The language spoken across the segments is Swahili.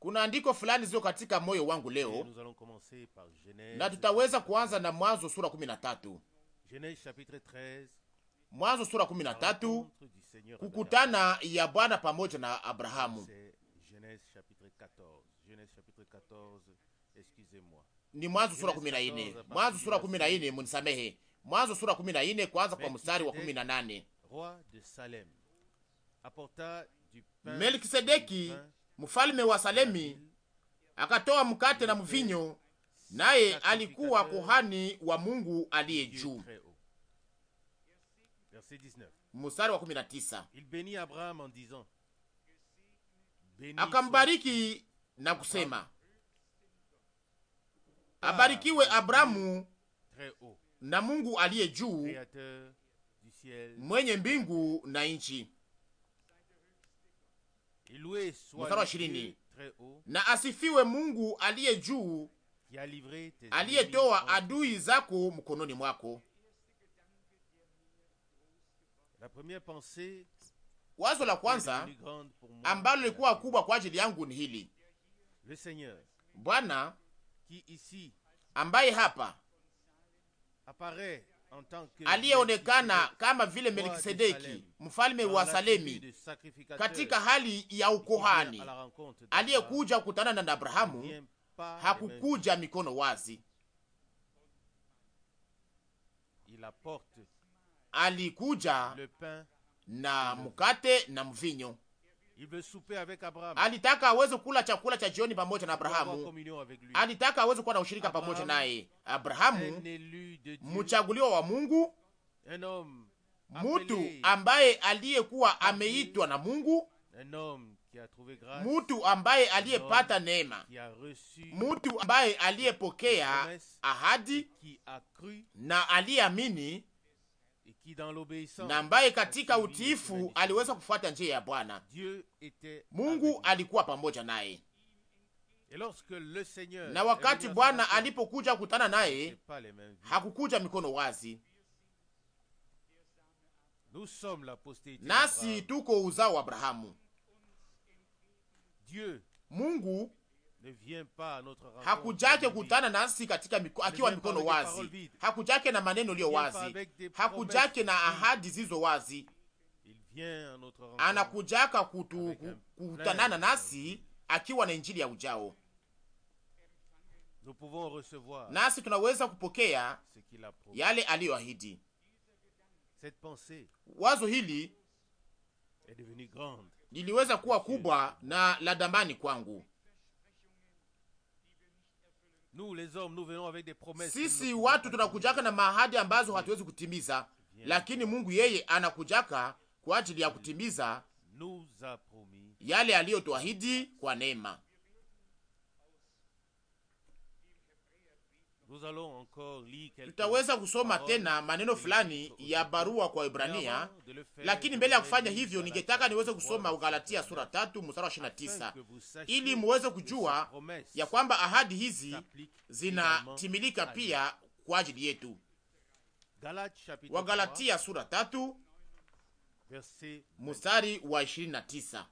Kuna andiko fulani zio katika moyo wangu leo, na tutaweza kuanza na Mwanzo sura 13. Mwanzo sura 13, kukutana ya Bwana pamoja na Abrahamu ni Mwanzo sura 14. Mwanzo sura 14, munisamehe. Mwanzo sura 14 kuanza kwa mstari wa 18. Melkisedeki mfalme wa Salemi akatoa mkate na mvinyo, naye alikuwa kohani wa Mungu aliye juu. Mstari wa 19 akambariki na kusema, abarikiwe Abrahamu na Mungu aliye juu, mwenye mbingu na nchi ishirini na asifiwe Mungu aliye juu, aliyetoa adui zako mkononi mwako. Wazo la kwanza ambalo lilikuwa kubwa kwa ajili yangu ni hili: Bwana ambaye hapa aliyeonekana kama vile Melkisedeki mfalme wa Salemi katika hali ya ukohani, aliyekuja kukutana na Abrahamu, hakukuja mikono wazi, alikuja na mkate na mvinyo alitaka aweze kula chakula cha jioni pamoja na Abrahamu, alitaka aweze kuwa na ushirika pamoja naye. Abrahamu, mchaguliwa wa Mungu, mutu ambaye aliyekuwa ameitwa na Mungu, mutu ambaye aliyepata neema, mutu ambaye aliyepokea ahadi na aliyeamini na ambaye katika utiifu aliweza kufuata njia ya Bwana. Mungu alikuwa pamoja naye, na wakati Bwana alipokuja kukutana naye hakukuja mikono wazi. Nasi tuko uzao wa Abrahamu. Mungu hakujake kutana nasi katika miko, akiwa mikono wazi, hakujake na maneno liyo wazi, hakujake na ahadi zilizo wazi. Anakujaka kutu, kutanana nasi akiwa na injili ya ujao, nasi tunaweza kupokea yale aliyoahidi. Wazo hili liliweza kuwa kubwa na la damani kwangu Nous, les hommes, nous venons avec des promesses. Sisi watu tunakujaka na mahadi ambazo hatuwezi kutimiza, lakini Mungu yeye anakujaka kwa ajili ya kutimiza yale aliyotuahidi kwa neema. Tutaweza kusoma tena maneno fulani ya barua kwa Ibrania, lakini mbele ya kufanya hivyo, ningetaka niweze kusoma Galatia sura tatu mstari wa ishirini na tisa ili muweze kujua ya kwamba ahadi hizi zinatimilika pia kwa ajili yetu. Wagalatia sura tatu mstari wa ishirini na tisa.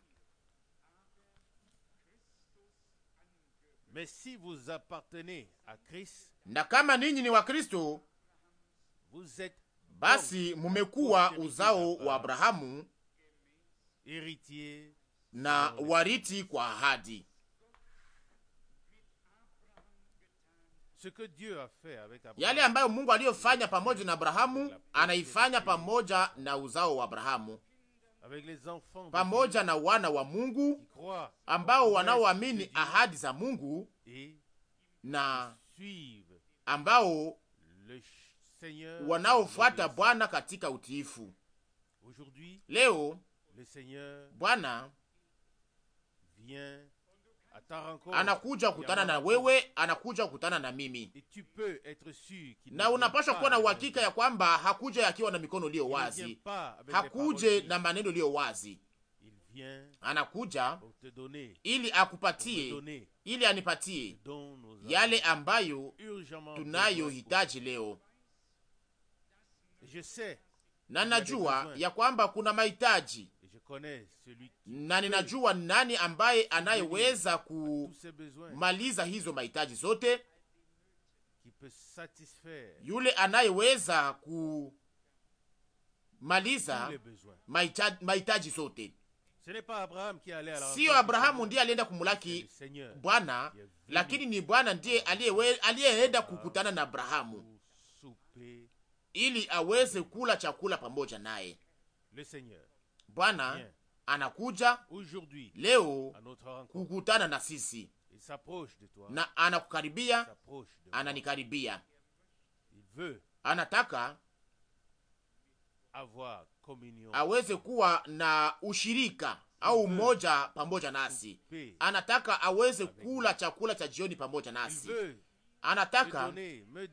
na kama ninyi ni Wakristo, basi mumekuwa uzao wa Abrahamu na wariti kwa ahadi. Yale ambayo Mungu aliyofanya pamoja na Abrahamu anaifanya pamoja na uzao wa Abrahamu pamoja na wana wa Mungu ambao wanaoamini ahadi za Mungu na ambao wanaofuata Bwana katika utiifu. Leo Bwana anakuja kukutana na wewe, anakuja kukutana na mimi, na unapasha kuwa na uhakika ya kwamba hakuja akiwa na mikono iliyo wazi, hakuje na maneno iliyo wazi. Anakuja ili akupatie, ili anipatie yale ambayo tunayohitaji leo na najua ya kwamba kuna mahitaji na ninajua nani ambaye anayeweza kumaliza hizo mahitaji zote, yule anayeweza kumaliza mahitaji zote. Siyo Abrahamu ndiye alienda kumulaki Bwana, lakini ni Bwana ndiye aliyeenda kukutana na Abrahamu ili aweze kula chakula pamoja naye. Bwana anakuja leo kukutana na sisi na anakukaribia, ananikaribia, anataka aweze kuwa na ushirika au umoja pamoja nasi. Anataka aweze kula chakula cha jioni pamoja nasi. Anataka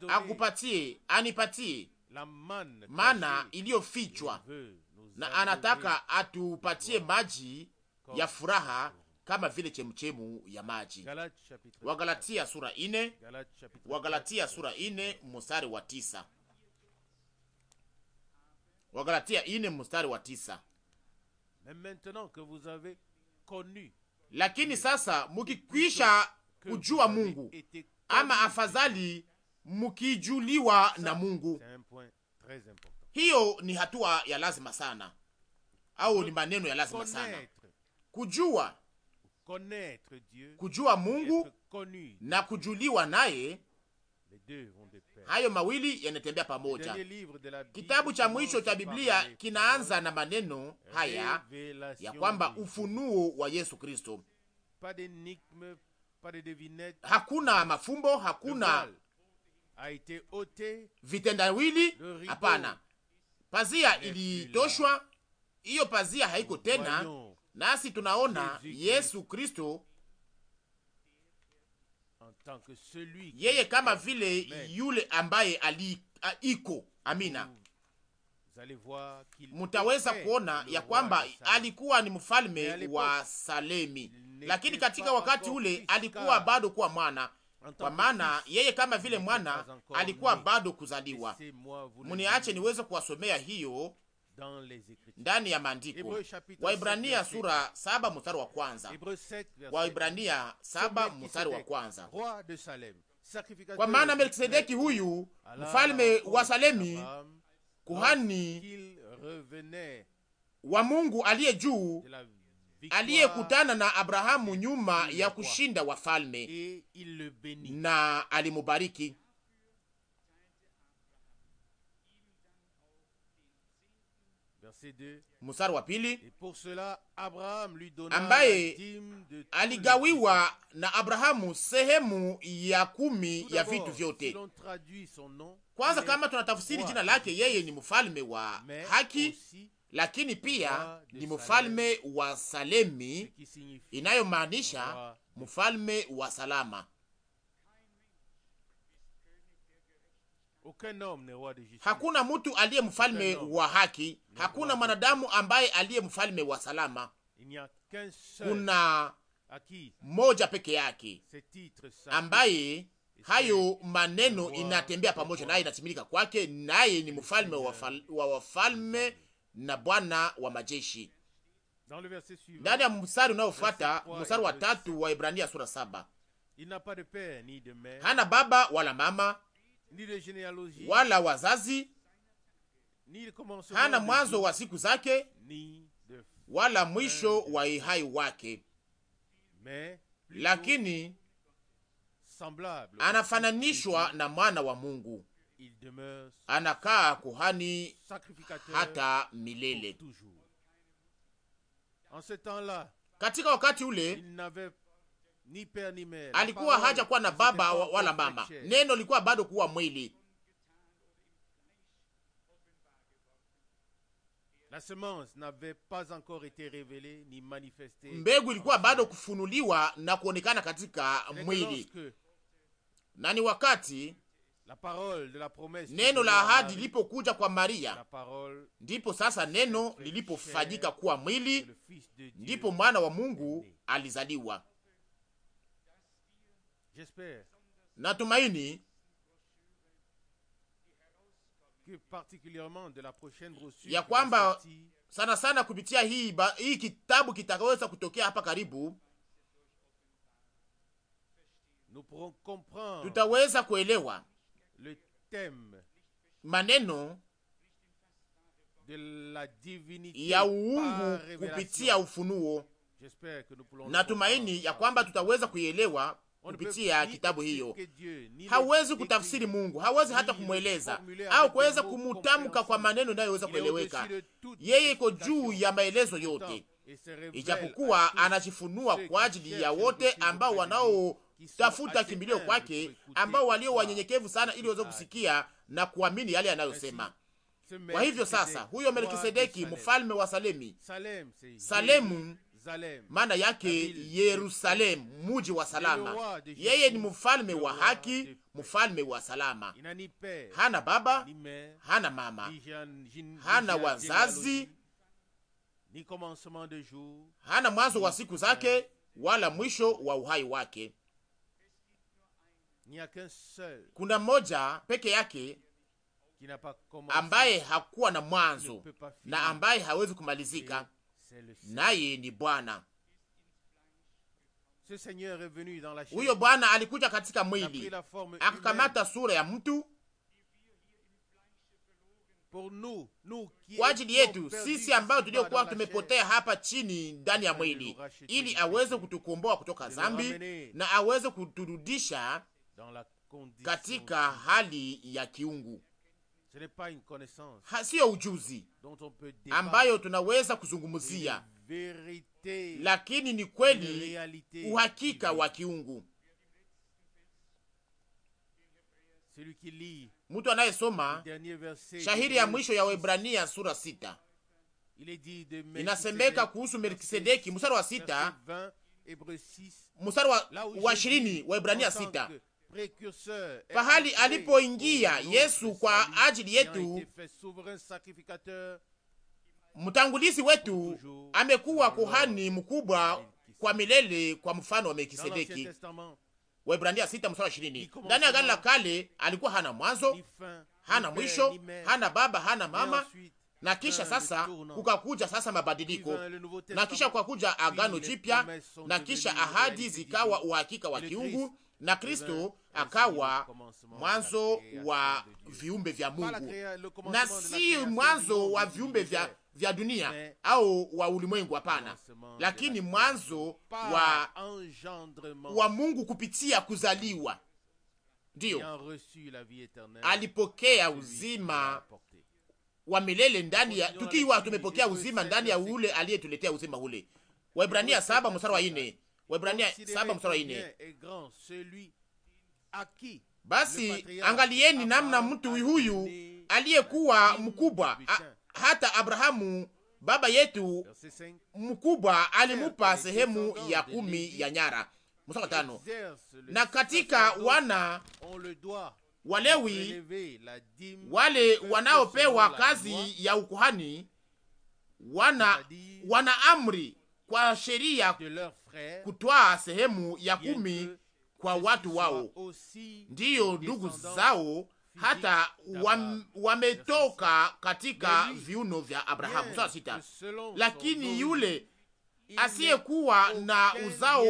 akupatie, anipatie mana iliyofichwa na anataka atupatie maji ya furaha kama vile chemchemu ya maji. Wagalatia sura ine, Wagalatia sura ine mstari wa tisa. Wagalatia ine mstari wa tisa. Lakini sasa mukikwisha kujua Mungu ama afadhali mukijuliwa na Mungu hiyo ni hatua ya lazima sana, au ni maneno ya lazima sana, kujua kujua Mungu na kujuliwa naye. Hayo mawili yanatembea pamoja. Kitabu cha mwisho cha Biblia kinaanza na maneno haya ya kwamba ufunuo wa Yesu Kristo. Hakuna mafumbo, hakuna vitendawili, hapana. Pazia ilitoshwa, hiyo pazia haiko tena, nasi tunaona Yesu Kristo yeye kama vile yule ambaye ali iko. Amina, mutaweza kuona ya kwamba alikuwa ni mfalme wa Salemi, lakini katika wakati ule alikuwa bado kuwa mwana kwa maana yeye kama vile mwana alikuwa bado kuzaliwa. Muniache niweze kuwasomea hiyo ndani ya maandiko Waibrania sura saba mstari wa kwanza. Waibrania saba mstari wa kwanza. Kwa maana Melkisedeki huyu mfalme wa Salemi, kuhani wa Mungu aliye juu aliyekutana na Abrahamu nyuma ya kushinda wafalme na alimubariki. Mstari wa pili ambaye aligawiwa na Abrahamu sehemu ya kumi ya vitu vyote. Kwanza, kama tunatafsiri jina lake, yeye ni mfalme wa haki aussi, lakini pia ni mfalme wa Salemi, inayomaanisha mfalme wa salama. Hakuna mtu aliye mfalme wa haki, hakuna mwanadamu ambaye aliye mfalme wa salama. Kuna moja peke yake ambaye hayo maneno inatembea pamoja naye, inatimilika kwake, naye ni mfalme wa wafalme na Bwana wa majeshi. Ndani ya mstari unaofuata, mstari wa tatu wa Ibrania sura saba, hana baba wala mama wala wazazi, hana mwanzo wa siku zake wala mwisho wa ihai wake, lakini anafananishwa na mwana wa Mungu anakaa kuhani hata milele. Katika wakati ule alikuwa haja kuwa na baba wala mama, neno likuwa bado kuwa mwili. La semence n'avait pas encore été révélée ni manifestée. Mbegu ilikuwa bado kufunuliwa na kuonekana katika mwili, na ni wakati Neno la ahadi lilipokuja kwa Maria, ndipo sasa neno lilipofanyika kuwa mwili, ndipo mwana wa Mungu alizaliwa. Natumaini ya kwamba sana sana kupitia hii, ba, hii kitabu kitakaweza kutokea hapa karibu, tutaweza kuelewa maneno ya uungu kupitia ufunuo. Natumaini ya kwamba tutaweza kuielewa kupitia kitabu hiyo. Hawezi kutafsiri Mungu, hawezi hata kumweleza au kuweza kumutamka kwa maneno inayoweza kueleweka. Yeye iko juu ya maelezo yote, ijapokuwa anajifunua kwa ajili ya wote ambao wanao tafuta kimbilio kwake, ambao walio wanyenyekevu sana, ili waweze kusikia na kuamini yale yanayosema. Kwa hivyo sasa, huyo Melkisedeki mfalme wa Salemi, Salemu maana yake Yerusalemu, muji wa salama. Yeye ni mfalme wa haki, mfalme wa salama. Hana baba, hana mama, hana wazazi, hana mwanzo wa siku zake wala mwisho wa uhai wake. Kuna mmoja peke yake ambaye hakuwa na mwanzo na ambaye hawezi kumalizika, naye ni Bwana. Huyo Bwana alikuja katika mwili akakamata sura ya mtu kwa ajili yetu sisi ambao tuliokuwa tumepotea hapa chini ndani ya mwili, ili aweze kutukomboa kutoka dhambi na aweze kuturudisha katika hali ya kiungu siyo ujuzi ambayo tunaweza kuzungumzia, lakini ni kweli uhakika wa kiungu. Mtu anayesoma shahiri ya mwisho ya Waebrania sura sita inasemeka kuhusu Melkisedeki, mstari wa sita mstari wa ishirini wa Waebrania sita pahali alipoingia Yesu kwa ajili yetu, mtangulizi wetu amekuwa kuhani mkubwa kwa milele kwa mfano wa Melkisedeki. Waebrania sita mstari Ndani ya Agano la Kale alikuwa hana mwanzo, hana mwisho, hana baba, hana mama, na kisha sasa kukakuja sasa mabadiliko, na kisha kukakuja Agano Jipya, na kisha ahadi zikawa uhakika wa kiungu na Kristo akawa mwanzo wa viumbe vya Mungu na si mwanzo wa viumbe vya, vya dunia au wa ulimwengu. Hapana, lakini mwanzo wa, wa Mungu kupitia kuzaliwa, ndiyo alipokea uzima wa milele ndani ya tukiwa tumepokea uzima ndani ya ule aliyetuletea uzima ule. Waebrania saba mstari wa nne. Waebrania saba mstari ine. Basi angalieni namna mtu huyu aliyekuwa mkubwa hata Abrahamu baba yetu mkubwa alimupa sehemu ya kumi ya nyara. Mstari tano. Na katika wana Walewi wale wanaopewa kazi ya ukuhani wana wana amri kwa sheria kutwaa sehemu ya kumi kwa watu wao, ndiyo ndugu zao hata wametoka katika viuno vya Abrahamu. Sawa sita. Lakini yule asiyekuwa na uzao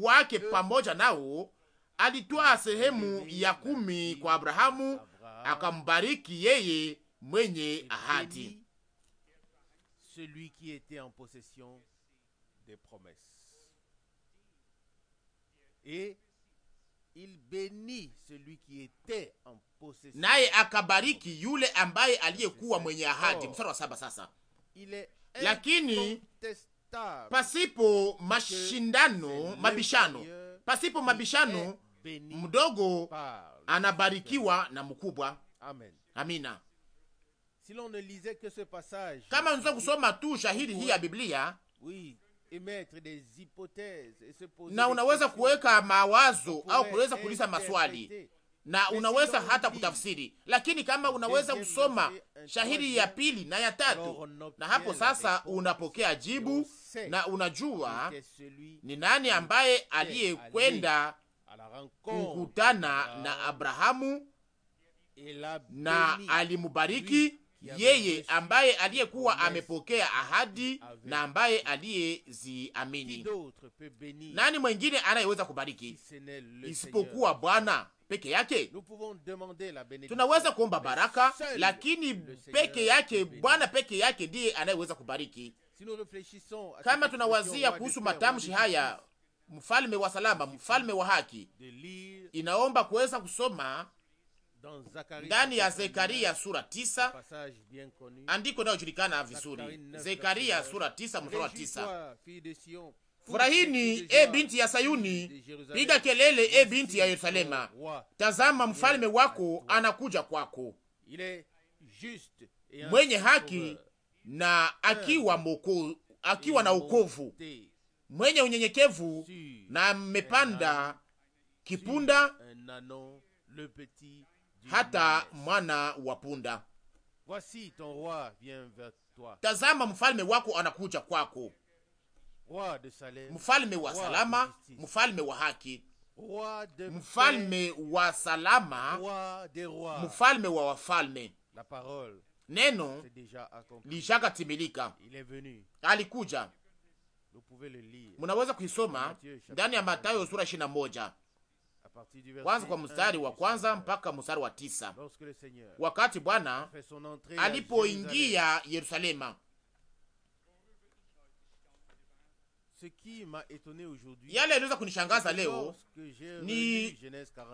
wake pamoja nao alitwaa sehemu ya kumi kwa Abrahamu, akambariki yeye mwenye ahadi des promesses. Et il bénit celui qui était en possession. Naye akabariki yule ambaye aliyekuwa mwenye ahadi. Mstari wa saba sasa. Lakini pasipo mashindano, mabishano, pasipo mabishano, mdogo anabarikiwa na mkubwa. Amina. Kama unaweza kusoma tu shahidi hii ya Biblia, na unaweza kuweka mawazo au kuweza kuuliza maswali na unaweza hata kutafsiri, lakini kama unaweza kusoma shahiri ya pili na ya tatu, na hapo sasa unapokea jibu na unajua ni nani ambaye aliyekwenda kukutana na Abrahamu na alimubariki yeye ambaye aliyekuwa amepokea ahadi na ambaye aliyeziamini. Nani mwengine anayeweza kubariki isipokuwa Bwana peke yake? Tunaweza kuomba baraka, lakini peke yake, Bwana peke yake ndiye anayeweza kubariki. Kama tunawazia kuhusu matamshi haya, mfalme wa salama, mfalme wa haki, inaomba kuweza kusoma ndani ya Zekaria sura tisa, andiko inayojulikana vizuri. Zekaria sura tisa mstari wa tisa: Furahini e binti ya Sayuni, piga kelele e binti ya Yerusalema, tazama mfalme wako anakuja kwako, mwenye haki euh, na akiwa moko, akiwa na ukovu, mwenye unyenyekevu na amepanda kipunda hata mwana wa punda. Tazama, mfalme wako anakuja kwako, mfalme wa salama, mfalme wa haki, mfalme wa salama, mfalme wa wafalme. Neno lishaka timilika, alikuja. Munaweza kuisoma ndani ya Matayo sura ishirini na moja kwanza kwa mstari wa kwanza mpaka mstari wa tisa. Wakati Bwana alipoingia Yerusalema, yale yaliweza kunishangaza leo ni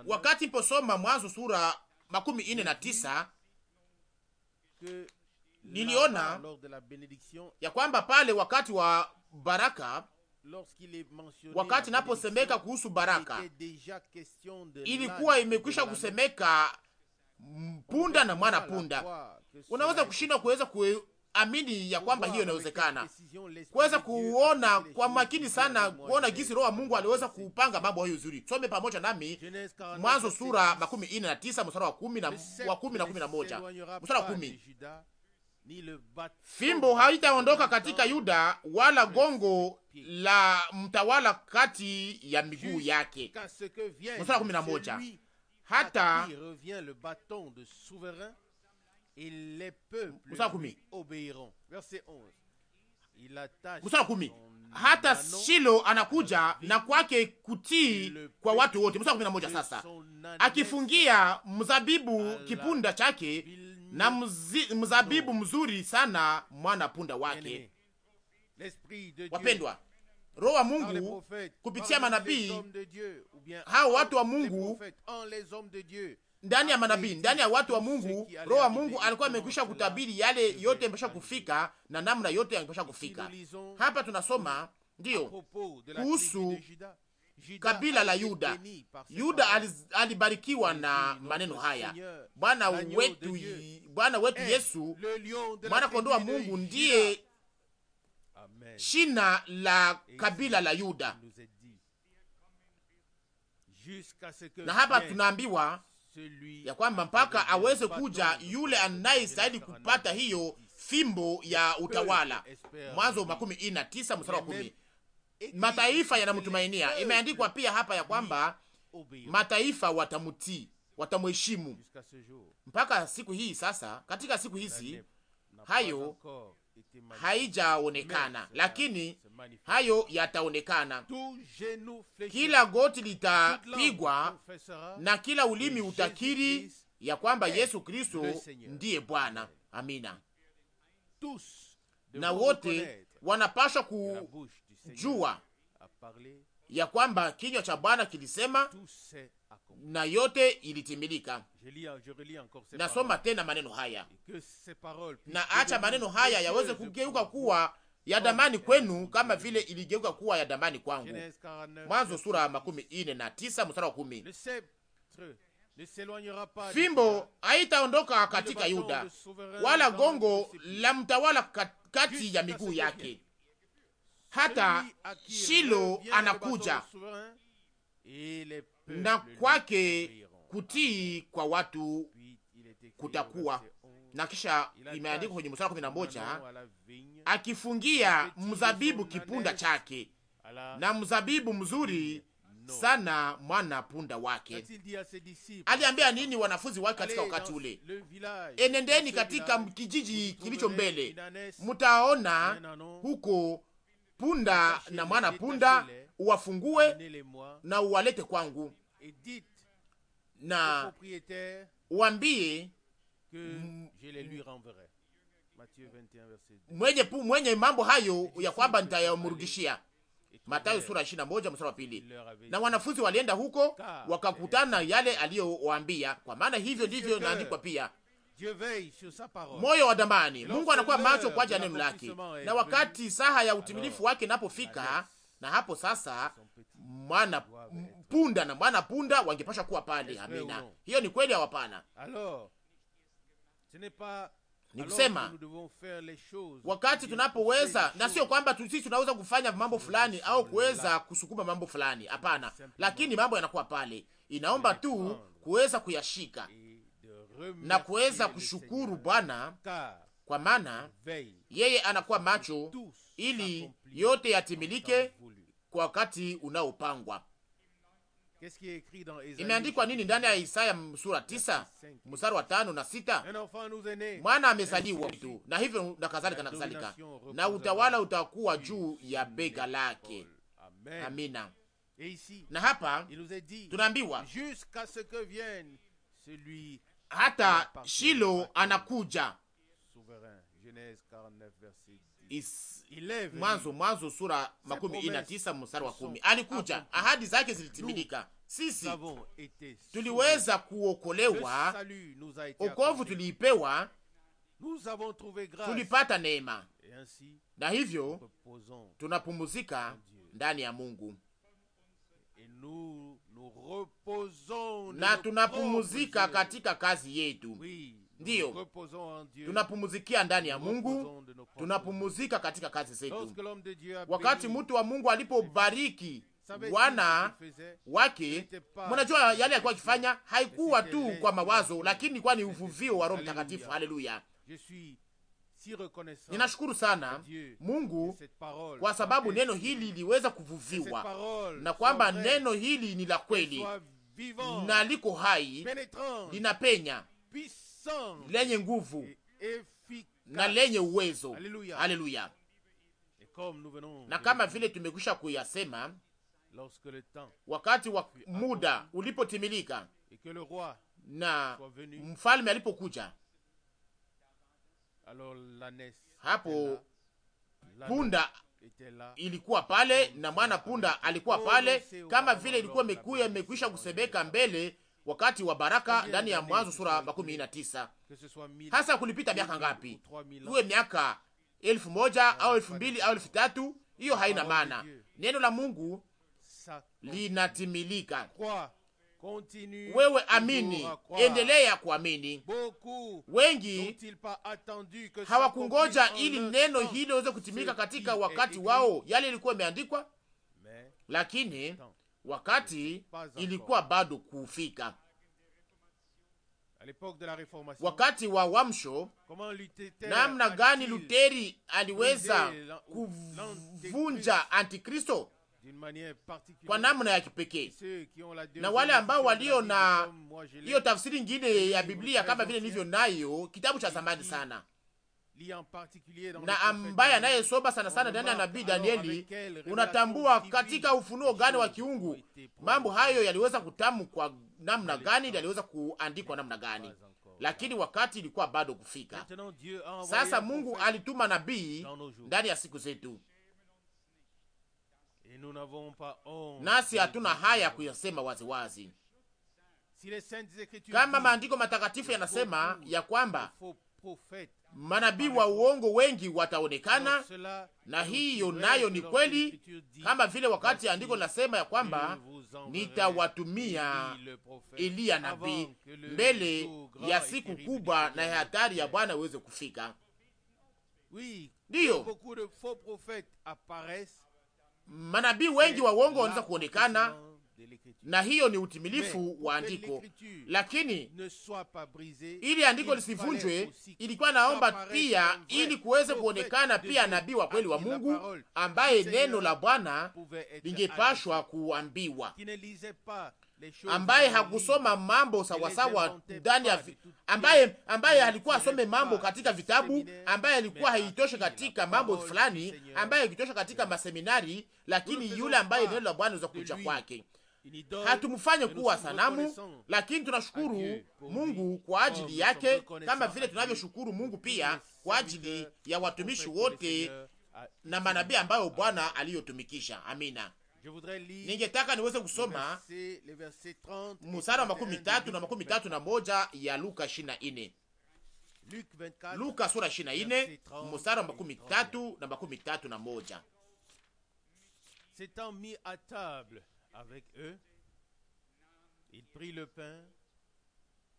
wakati posoma Mwanzo sura makumi ine na tisa niliona ya kwamba pale wakati wa baraka Wakati naposemeka kuhusu baraka, ilikuwa imekwisha kusemeka punda na mwana punda. Unaweza kushindwa kuweza kuamini ya kwamba hiyo inawezekana, kuweza kuona kwa makini sana, kuona jinsi Roho wa Mungu aliweza kupanga mambo hayo vizuri. Tusome pamoja nami Mwanzo sura makumi ine na tisa mstari wa kumi na wa kumi na kumi na moja mstari wa kumi Fimbo haitaondoka katika Yuda wala gongo la mtawala kati ya miguu yake. Mstari kumi na moja hata kumi hata Shilo anakuja na kwake kutii kwa watu wote. Mstari kumi na moja sasa, akifungia mzabibu kipunda chake na mzi, mzabibu mzuri sana mwana punda wake. Wapendwa, Roho wa Mungu kupitia manabii hao, watu wa Mungu ndani ya manabii, ndani ya watu wa Mungu, Roho wa Mungu alikuwa amekwisha kutabiri yale yote yamekwisha kufika na namna yote yamekwisha kufika. Hapa tunasoma ndiyo kuhusu kabila la Yuda. Yuda alibarikiwa na maneno haya, Bwana wetu, Bwana eh, wetu Yesu, mwana kondoo wa Mungu, ndiye shina la kabila la Yuda. Na hapa tunaambiwa ya kwamba mpaka aweze kuja yule anayestahili kupata hiyo fimbo ya utawala. Mwanzo makumi ina tisa mstari wa kumi mataifa yanamtumainia. Imeandikwa pia hapa ya kwamba mataifa watamutii watamheshimu mpaka siku hii. Sasa katika siku hizi hayo haijaonekana, lakini euh, hayo yataonekana. Kila goti litapigwa na kila ulimi utakiri ya kwamba Yesu Kristo ndiye Bwana. Amina. Na wote wanapashwa ku jua ya kwamba kinywa cha Bwana kilisema na yote ilitimilika. Nasoma tena maneno haya, na acha maneno haya yaweze kugeuka kuwa ya damani kwenu kama vile iligeuka kuwa ya damani kwangu. Mwanzo sura makumi ine na tisa mstari wa kumi. Fimbo haitaondoka katika Yuda wala gongo la mtawala kati ya miguu yake hata Shilo anakuja na kwake kutii kwa watu kutakuwa na kisha imeandikwa kwenye mstari kumi na moja akifungia mzabibu kipunda chake na mzabibu mzuri sana mwana punda wake. Aliambia nini wanafunzi wake katika wakati ule? Enendeni katika kijiji kilicho mbele, mtaona huko punda na mwana punda, uwafungue na uwalete kwangu, na uambie mwenye, mwenye mambo hayo ya kwamba nitayamurudishia. Mathayo sura 21 mstari wa pili. Na wanafunzi walienda huko wakakutana eh, yale aliyowaambia, kwa maana hivyo ndivyo naandikwa pia moyo wa damani Mungu anakuwa macho kwa ajili ya neno lake, na wakati saha ya utimilifu wake inapofika, na hapo sasa mwana punda na mwana punda wangepasha kuwa pale. Amina, hiyo ni kweli au hapana? Ni kusema wakati tunapoweza, na sio kwamba sisi tunaweza kufanya mambo fulani au kuweza kusukuma mambo fulani, hapana, lakini mambo yanakuwa pale, inaomba tu kuweza kuyashika na kuweza kushukuru Bwana, kwa maana yeye anakuwa macho ili yote yatimilike kwa wakati unaopangwa. Imeandikwa nini ndani ya Isaya sura tisa mstari wa tano na sita mwana amezaliwa mtu na hivyo na kadhalika na kadhalika, na utawala utakuwa juu ya bega lake. Amina. Na hapa tunaambiwa hata Shilo anakuja. mwanzo Mwanzo sura makumi ine na tisa mstari wa kumi. Alikuja, ahadi zake zilitimilika. Sisi tuliweza kuokolewa, okovu tuliipewa, tulipata neema, na hivyo tunapumuzika ndani ya Mungu na tunapumuzika katika kazi yetu. Ndiyo, tunapumuzikia ndani ya Mungu, tunapumuzika katika kazi zetu. Wakati mtu wa Mungu alipobariki wana wake, mnajua yale alikuwa akifanya haikuwa tu kwa mawazo, lakini ilikuwa ni uvuvio wa Roho Mtakatifu. Haleluya! Ninashukuru sana Mungu kwa sababu neno hili liweza kuvuviwa na kwamba neno hili ni la kweli na liko hai, linapenya, lenye nguvu na lenye uwezo. Haleluya! Na kama vile tumekwisha kuyasema, wakati wa muda ulipotimilika na mfalme alipokuja hapo punda ilikuwa pale na mwana punda alikuwa pale, kama vile ilikuwa imekuya imekwisha kusebeka mbele wakati wa baraka ndani ya Mwanzo sura makumi na tisa. Hasa kulipita miaka ngapi, uwe miaka elfu moja au elfu mbili au elfu tatu hiyo haina maana. Neno la Mungu linatimilika wewe amini, endelea kuamini. Wengi hawakungoja ili neno hili liweze kutimika katika wakati wao, yale ilikuwa imeandikwa, lakini wakati ilikuwa bado kufika. Wakati wa Wamsho, namna gani Luteri aliweza kuvunja Antikristo? kwa namna ya kipekee, na wale ambao walio na hiyo tafsiri nyingine ya Biblia kama vile nilivyo nayo, kitabu cha zamani sana na ambaye anayesoma sana sana ndani ya nabii Danieli, unatambua katika ufunuo gani wa kiungu mambo hayo yaliweza kwa namna gani, yaliweza kuandikwa namna gani, lakini wakati ilikuwa bado kufika. Sasa Mungu alituma nabii ndani ya siku zetu nasi hatuna haya kuyasema waziwazi kama maandiko matakatifu yanasema ya kwamba manabii wa uongo wengi wataonekana, na hiyo nayo ni kweli, kama vile wakati andiko linasema ya kwamba nitawatumia Eliya nabii mbele ya siku kubwa na ya hatari ya Bwana iweze kufika. Ndiyo manabii wengi wa uongo wanaweza kuonekana, na hiyo ni utimilifu wa andiko. Lakini ili andiko lisivunjwe, ilikuwa naomba pia, ili kuweze kuonekana pia nabii wa kweli wa Mungu ambaye neno la Bwana lingepashwa kuambiwa ambaye hakusoma mambo sawasawa ndani ya ambaye ambaye alikuwa asome mambo katika vitabu, ambaye alikuwa haitoshe katika mambo fulani, ambaye haitoshe katika maseminari, lakini yule ambaye neno la Bwana za kuja kwake hatumfanye kuwa sanamu, lakini tunashukuru Mungu kwa ajili oh, yake, kama vile tunavyoshukuru Mungu pia kwa ajili ya watumishi wote na manabii ambayo Bwana aliyotumikisha. Amina ningetaka niweze kusoma mstari wa makumi tatu na makumi tatu na moja ya Luka ishirini na ine Luka sura ishirini na ine mstari wa makumi tatu na makumi tatu na moja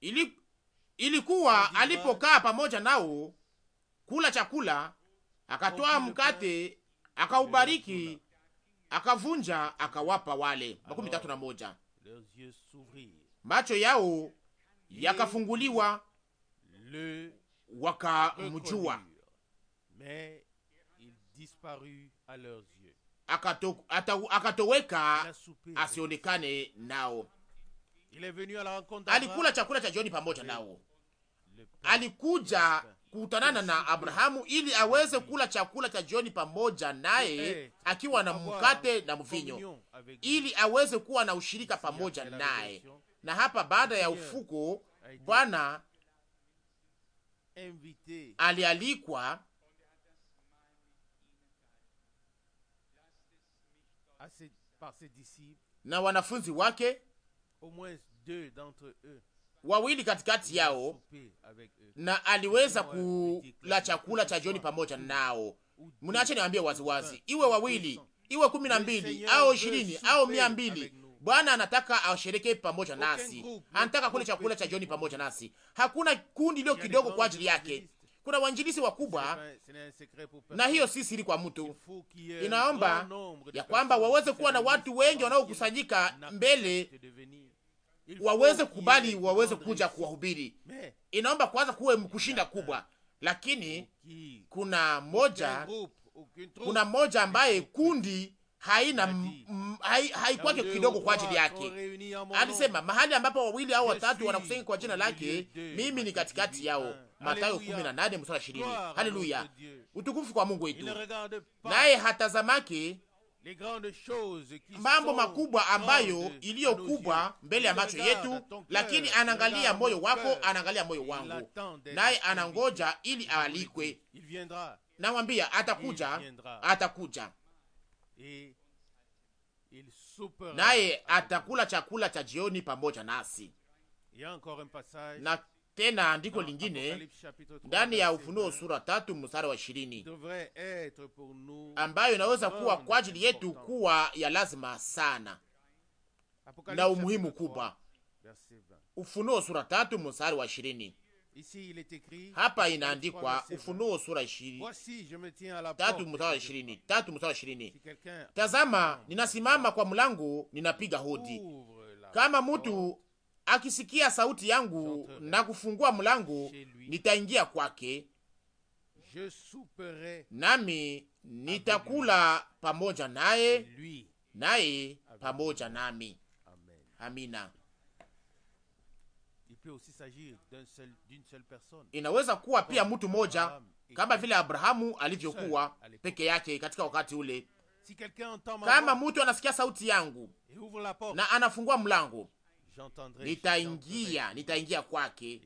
Ili, ilikuwa alipokaa pamoja nao kula chakula, akatoa mkate akaubariki akavunja akawapa wale makumi tatu na moja. Macho yao yakafunguliwa wakamjua, akatoweka asionekane nao. Alikula chakula cha jioni pamoja nao, alikuja kutanana na Abrahamu ili aweze kula chakula cha jioni pamoja naye eh, eh, akiwa na mkate na mvinyo, ili aweze kuwa na ushirika pamoja naye. Na hapa baada ya ufuko, Bwana alialikwa na wanafunzi wake wawili katikati yao, eh, na aliweza eh, eh, kula chakula cha jioni pamoja nao. Mnaache niwaambie waziwazi, iwe wawili, iwe kumi na mbili au ishirini au mia mbili Bwana anataka ashereke pamoja nasi, anataka kule chakula cha jioni pamoja nasi. Hakuna kundi iliyo kidogo kwa ajili yake. Kuna wanjilisi wakubwa, na hiyo si siri kwa mtu. Inaomba ya kwamba waweze kuwa na watu wengi wanaokusanyika mbele waweze kukubali, waweze kuja kuwahubiri. Inaomba kwanza kuwe kushinda kubwa, lakini kuna moja, kuna moja ambaye kundi haina haikwake hai kidogo kwa ajili yake. Alisema mahali ambapo wawili au watatu wanakusanyika kwa jina lake, mimi ni katikati yao. Mathayo 18:20. Haleluya, utukufu kwa Mungu wetu. Naye hatazamaki mambo makubwa ambayo iliyo kubwa mbele ya macho yetu, lakini anaangalia moyo wako, anaangalia moyo wangu, naye anangoja ili aalikwe. Namwambia atakuja, atakuja naye atakula chakula cha jioni pamoja nasi. Na tena andiko lingine ndani ya Ufunuo sura tatu mstari wa ishirini ambayo inaweza kuwa kwa ajili yetu kuwa ya lazima sana na umuhimu kubwa. Ufunuo sura tatu mstari wa ishirini. Hapa inaandikwa Ufunuo sura tatu mstari wa ishirini, tatu mstari wa ishirini: tazama, ninasimama kwa mlango, ninapiga hodi. Kama mtu akisikia sauti yangu na kufungua mlango, nitaingia kwake nami nitakula pamoja naye, naye pamoja nami. Amina. Inaweza kuwa pia mtu mmoja kama vile Abrahamu alivyokuwa peke yake katika wakati ule. Kama mtu anasikia sauti yangu na anafungua mlango nitaingia nitaingia kwake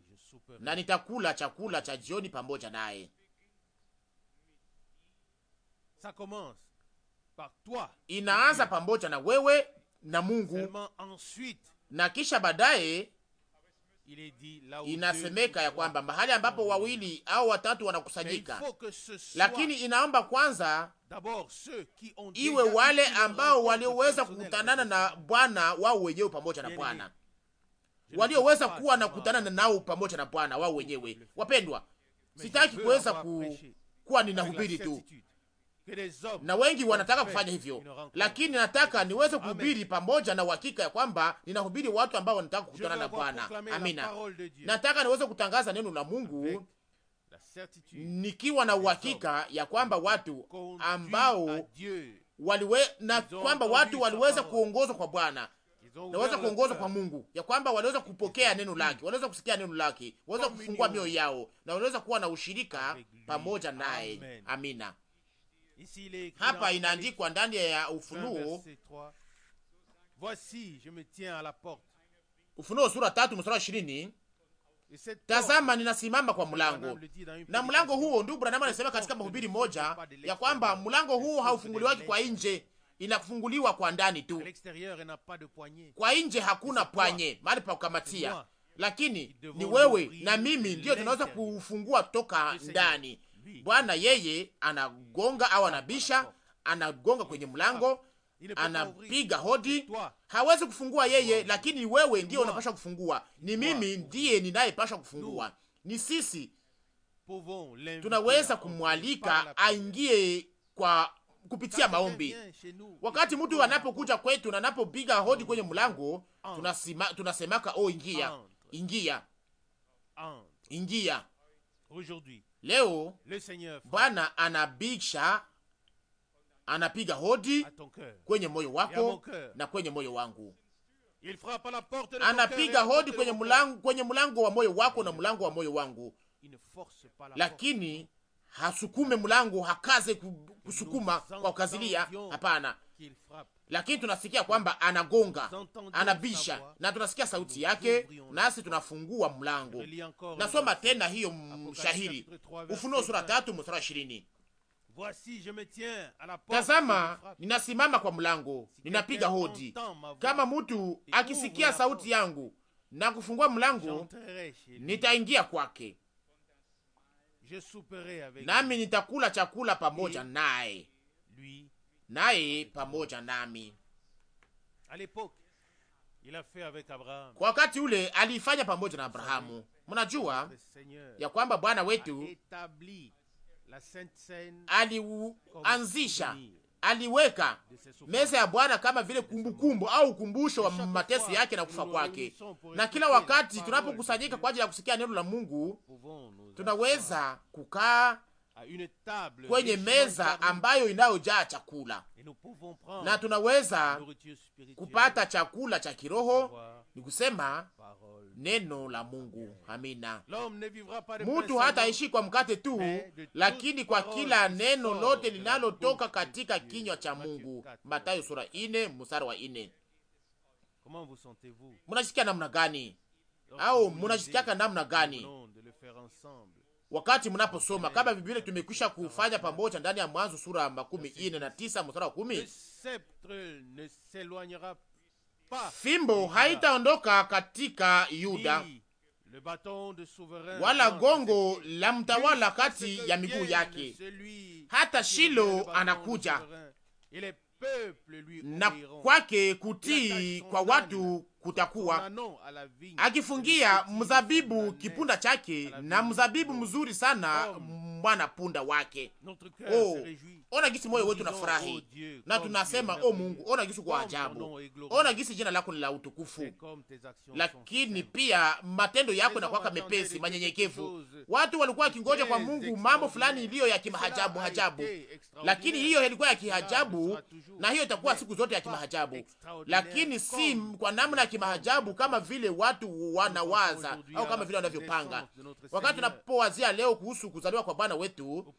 na nitakula chakula cha jioni pamoja naye. Inaanza pamoja na wewe na Mungu, na kisha baadaye inasemeka ya kwamba mahali ambapo wawili au watatu wanakusanyika, lakini inaomba kwanza iwe wale ambao walioweza kukutanana na Bwana wao wenyewe pamoja na Bwana, walioweza kuwa na kukutanana nao pamoja na Bwana wao wenyewe. Wapendwa, sitaki kuweza ku, kuwa ninahubiri tu, na wengi wanataka kufanya hivyo, lakini nataka niweze kuhubiri pamoja na uhakika ya kwamba ninahubiri watu ambao wanataka kukutana na Bwana. Amina, nataka niweze kutangaza neno la Mungu nikiwa na uhakika ya kwamba watu ambao waliwe, na kwamba watu waliweza kuongozwa kwa Bwana naweza kuongozwa kwa Mungu, ya kwamba waliweza kupokea neno lake, waliweza kusikia neno lake, waliweza kufungua mioyo yao na waliweza kuwa na ushirika pamoja naye. Amina. Hapa inaandikwa ndani ya Ufunuo, Ufunuo sura tatu mstari ishirini Tazama, ninasimama kwa mlango na mlango huo, ndugu Branham anasema katika mahubiri moja ya kwamba mlango huo haufunguliwaki kwa nje, inafunguliwa kwa ndani tu. Kwa nje hakuna pwanye, mahali pa kukamatia, lakini ni wewe na mimi ndiyo tunaweza kufungua toka ndani. Bwana yeye anagonga au anabisha, anagonga kwenye mlango anapiga hodi, hawezi kufungua yeye, lakini wewe ndiye unapasha kufungua. Ni mimi ndiye ninayepasha kufungua, ni sisi tunaweza kumwalika aingie kwa kupitia maombi. Wakati mtu anapokuja kwetu na anapopiga hodi kwenye mlango, tunasema tunasemaka, oh, ingia ingia ingia. Leo Bwana anabisha anapiga hodi kwenye moyo wako na kwenye moyo wangu. Anapiga hodi kwenye mlango, kwenye mlango wa moyo wako na mlango wa moyo wangu, lakini hasukume mlango, hakaze kusukuma kwa ukazilia. Hapana, lakini tunasikia kwamba anagonga, anabisha, na tunasikia sauti yake, nasi tunafungua mlango. Nasoma tena hiyo mshahiri, Ufunuo sura tatu mstari ishirini. Tazama, ninasimama kwa mlango, ninapiga hodi. Kama mtu akisikia sauti yangu na kufungua mlango, nitaingia kwake, nami nitakula chakula pamoja naye, naye pamoja nami. Kwa wakati ule aliifanya pamoja na Abrahamu. Mnajua ya kwamba Bwana wetu aliuanzisha, aliweka meza ya Bwana kama vile kumbukumbu au ukumbusho wa mateso yake na kufa kwake. Na kila wakati tunapokusanyika kwa ajili ya kusikia neno la Mungu, tunaweza kukaa kwenye meza ambayo inayojaa chakula na tunaweza kupata chakula cha kiroho ni kusema neno la Mungu. Amina. Mutu hataishi kwa mkate tu, lakini kwa kila neno lote linalotoka katika kinywa cha Mungu. Matayo sura ine mstari wa ine. Munasikia namna gani au munasikiaka namna gani wakati mnaposoma kama vivile tumekwisha kufanya pamoja ndani ya Mwanzo sura makumi ine na tisa mstari wa kumi fimbo haitaondoka katika Yuda wala gongo la mtawala kati ya miguu yake. Hata Shilo anakuja na kwake kutii kwa watu kutakuwa akifungia mzabibu kipunda chake na mzabibu mzuri sana mwana punda wake. Oh, Ona gisi moyo wetu nafurahi oh, na tunasema o oh, Mungu, ona gisi kwa ajabu, ona gisi jina lako ni la utukufu. Lakini pia matendo yako na kwaka mepesi manyenyekevu. Watu walikuwa wakingoja kwa Mungu mambo fulani iliyo ya kimahajabu hajabu, lakini hiyo ilikuwa ya kihajabu, na hiyo itakuwa siku zote ya kimahajabu, lakini si kwa namna ya kimahajabu kama vile watu wanawaza au kama vile wanavyopanga. Wakati tunapowazia leo kuhusu kuzaliwa kwa Bwana wetu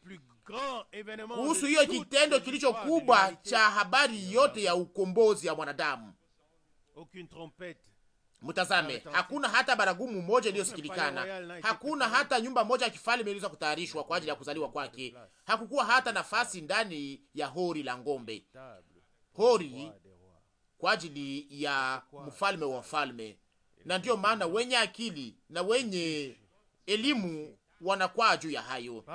kuhusu hiyo kitendo kilichokubwa cha habari yote ya ukombozi ya mwanadamu. Mtazame, hakuna hata baragumu moja iliyosikilikana, hakuna hata nyumba moja ya kifalme iliweza kutayarishwa kwa ajili ya kuzaliwa kwake. Hakukuwa hata nafasi ndani ya hori la ng'ombe, hori kwa ajili ya mfalme wa falme. Na ndiyo maana wenye akili na wenye elimu wanakwaa juu ya hayo,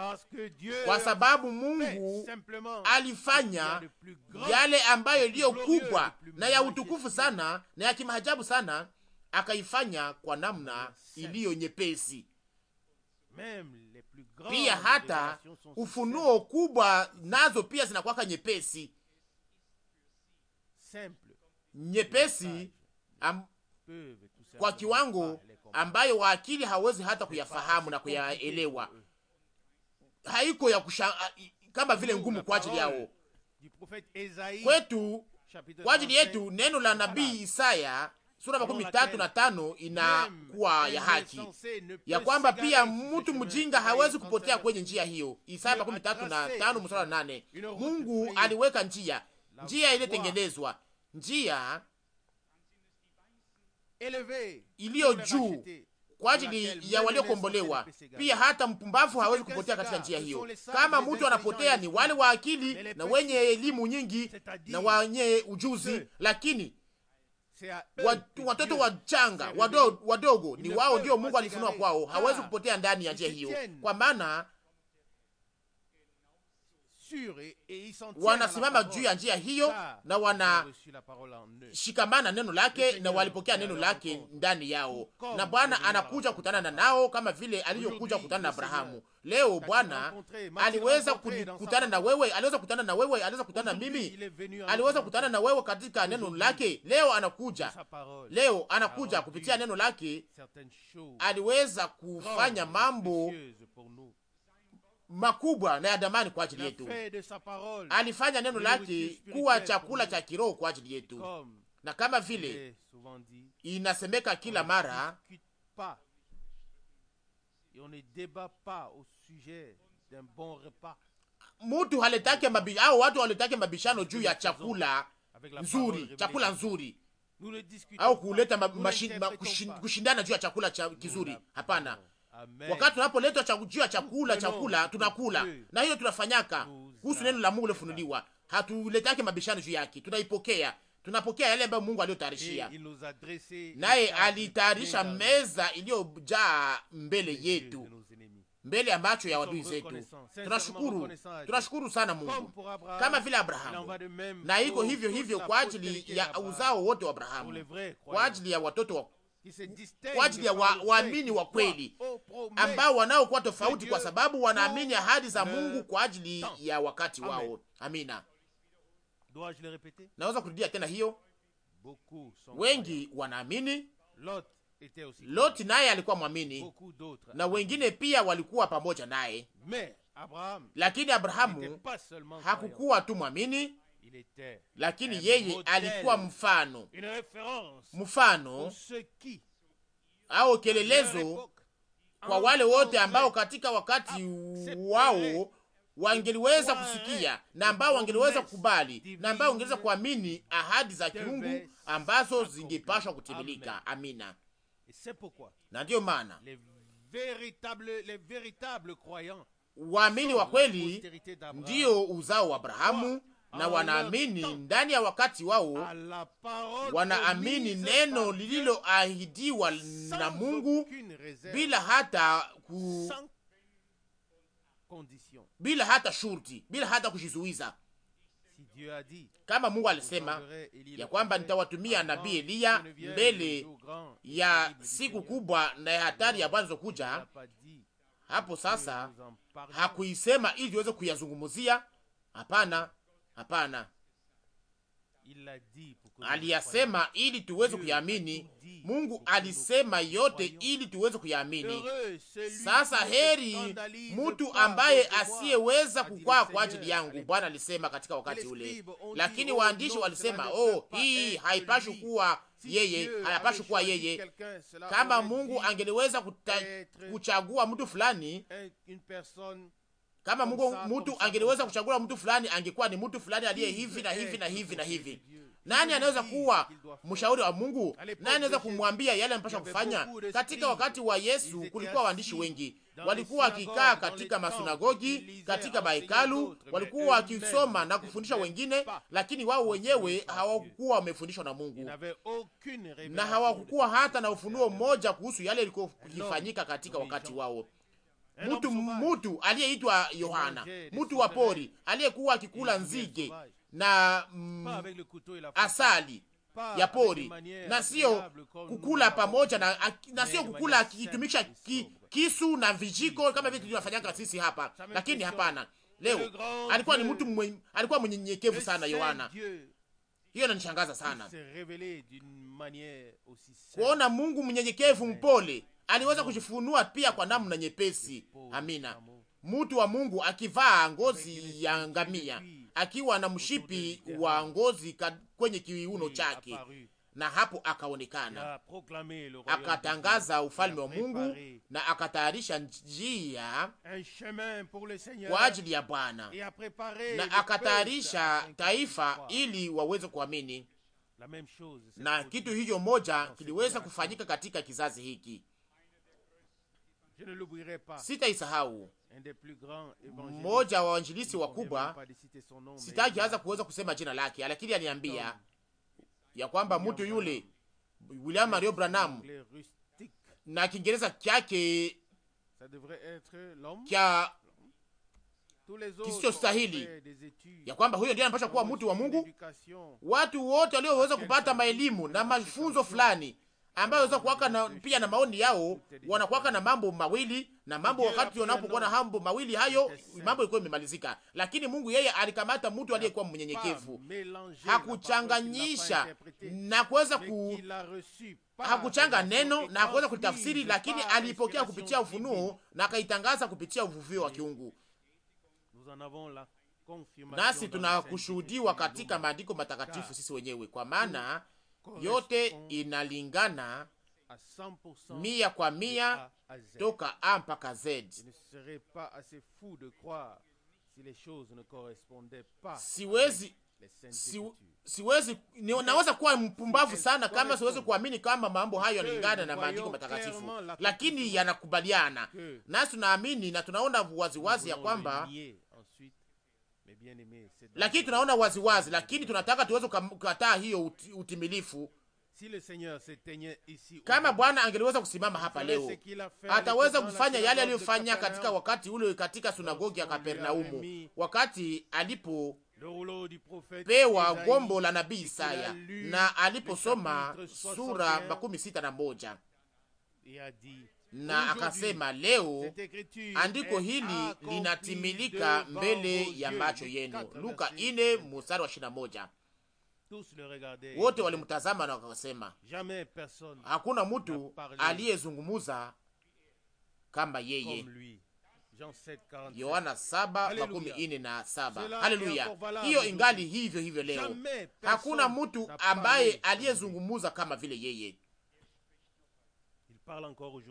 kwa sababu Mungu alifanya yale ambayo iliyo kubwa na ya utukufu sana na ya kimaajabu sana, akaifanya kwa namna iliyo nyepesi. Pia hata ufunuo kubwa nazo pia zinakwaka nyepesi nyepesi, am, kwa kiwango ambayo waakili hawezi hata kuyafahamu na kuyaelewa, haiko ya kusha, kama vile ngumu kwa ajili yao. Kwetu, kwa ajili yetu, neno la nabii Isaya sura makumi tatu na tano inakuwa ya haki ya kwamba pia mtu mjinga hawezi kupotea kwenye njia hiyo. Isaya makumi tatu na tano mstari nane. Mungu aliweka njia, njia iliyotengenezwa, njia iliyo juu kwa ajili ya waliokombolewa. Pia hata mpumbavu hawezi kupotea katika njia hiyo. Kama mtu anapotea, ni wale wa akili na wenye elimu nyingi na wenye ujuzi, lakini watoto wachanga wadogo, wadogo ni wao ndio Mungu alifunua kwao, hawezi kupotea ndani ya njia hiyo, kwa maana wanasimama juu ya njia hiyo na wanashikamana neno lake na walipokea neno lake ndani yao, na Bwana anakuja na nao kama vile alivyokuja kutana na Abrahamu. Leo Bwana aliweza kukutana na wewe, aliweza kukutana na wewe, aliweza kukutana na mimi, aliweza kukutana na wewe katika neno lake. Leo anakuja, leo anakuja kupitia neno lake, aliweza kufanya mambo makubwa na ya damani kwa ajili yetu. Alifanya neno lake kuwa chakula cha kiroho kwa ajili yetu, na kama vile inasemeka kila mara mutu haletake mabi au watu haletake mabishano juu ya chakula nzuri, chakula nzuri au kuleta ma, ma, kushindana juu ya chakula cha kizuri. Hapana, Wakati tunapoletwa chakujia chakula chakula tunakula na hiyo tunafanyaka kuhusu neno la Mungu lifunuliwa, hatuletake mabishano juu yake, tunaipokea tunapokea yale ambayo Mungu aliyotayarishia, naye alitayarisha meza iliyojaa mbele yetu, mbele ambacho ya wadui zetu. Tunashukuru, tunashukuru sana Mungu kama vile Abrahamu, na iko hivyo hivyo kwa ajili ya uzao wote wa Abrahamu, kwa ajili ya watoto wa kwa ajili ya waamini wa, wa kweli oh, oh, oh, ambao wanaokuwa tofauti kwa sababu wanaamini ahadi za Mungu kwa ajili ya wakati wao. Amina. Naweza kurudia tena hiyo, wengi wanaamini. Loti naye alikuwa mwamini na wengine pia walikuwa pamoja naye, lakini Abrahamu hakukuwa tu mwamini lakini yeye alikuwa mfano, mfano au kielelezo kwa wale wote ambao katika wakati wao wangeliweza kusikia na ambao wangeliweza kukubali na ambao wangeliweza kuamini ahadi za kiungu ambazo zingepashwa kutimilika. Amina. Na ndiyo maana waamini wa kweli ndiyo uzao wa Abrahamu na wanaamini ndani ya wakati wao, wanaamini neno lililoahidiwa na Mungu bila hata ku bila hata shurti, bila hata kujizuiza. Kama Mungu alisema ya kwamba nitawatumia nabii Eliya mbele ya siku kubwa na ya hatari ya mwanzo kuja, hapo sasa hakuisema ili iweze kuyazungumuzia. Hapana, Hapana, aliyasema ili tuweze kuyaamini. Mungu alisema yote ili tuweze kuyaamini. Sasa heri mtu ambaye asiyeweza kukwaa kwa ajili yangu, Bwana alisema katika wakati ule. Lakini waandishi walisema, oh, hii haipashi kuwa yeye, hayapashi kuwa yeye. Kama Mungu angeliweza kuchagua mtu fulani kama Mungu mtu angeweza kuchagua mtu fulani, angekuwa ni mtu fulani aliye hivi na hivi na hivi na hivi. Nani anaweza kuwa mshauri wa Mungu? Nani anaweza kumwambia yale anapaswa kufanya? Katika wakati wa Yesu kulikuwa waandishi wengi, walikuwa wakikaa katika masunagogi, katika mahekalu, walikuwa wakisoma na kufundisha wengine, lakini wao wenyewe hawakuwa wamefundishwa na Mungu na hawakukuwa hata na ufunuo mmoja kuhusu yale yalikuwa kifanyika katika wakati wao mtu mtu aliyeitwa Yohana, mtu wa pori aliyekuwa akikula nzige na mm, asali ya pori, na sio kukula pamoja na, na sio kukula akitumisha ki, kisu na vijiko kama vile tunafanyaga sisi hapa, lakini hapana. Leo alikuwa ni mtu mwe, alikuwa mnyenyekevu sana Yohana. Hiyo inanishangaza sana kuona Mungu mnyenyekevu mpole aliweza kujifunua pia kwa namna nyepesi. Amina. Mtu wa Mungu akivaa ngozi ya ngamia, akiwa na mshipi wa ngozi kwenye kiuno chake, na hapo akaonekana, akatangaza ufalme wa Mungu na akatayarisha njia kwa ajili ya Bwana na akatayarisha taifa ili waweze kuamini. Na kitu hicho moja kiliweza kufanyika katika kizazi hiki Sitaisahau mmoja wa wanjilisi wakubwa, sitajaanza kuweza kusema jina lake, lakini aliambia ya kwamba mtu yule William Mario Branham na Kiingereza kyake kya kisicho stahili ya kwamba huyo ndiye anapasha kuwa mtu wa Mungu. Watu wote walioweza kupata maelimu na mafunzo fulani ambayo waweza kuwaka na, pia na maoni yao wanakuwaka na mambo mawili na mambo, wakati wanapokuwa na mambo mawili hayo mambo ilikuwa imemalizika. Lakini Mungu yeye alikamata mtu aliyekuwa mnyenyekevu, hakuchanganyisha na kuweza ku hakuchanga neno na hakuweza kulitafsiri, lakini alipokea kupitia ufunuo na akaitangaza kupitia uvuvio wa kiungu. Nasi tunakushuhudiwa katika maandiko matakatifu sisi wenyewe, kwa maana yote inalingana mia kwa mia toka A mpaka Z. Siwezi si, naweza kuwa mpumbavu sana kama siwezi kuamini kama mambo hayo yanalingana na maandiko matakatifu, lakini yanakubaliana nasi. Tunaamini na tunaona waziwazi ya kwamba lakini tunaona waziwazi wazi, lakini tunataka tuweze kukataa hiyo utimilifu. Kama Bwana angeliweza kusimama hapa leo, ataweza kufanya yale aliyofanya katika wakati ule katika sunagogi ya Kapernaumu, wakati alipopewa gombo la nabii Isaya na aliposoma sura makumi sita na moja na akasema, leo andiko hili linatimilika mbele ya macho yenu. Luka ine mstari wa ishirini na moja. Wote walimtazama na wakasema, hakuna mtu aliyezungumuza kama yeye. Yohana saba makumi ine na saba. Haleluya! Hiyo ingali hivyo hivyo leo, hakuna mtu ambaye aliyezungumuza kama vile yeye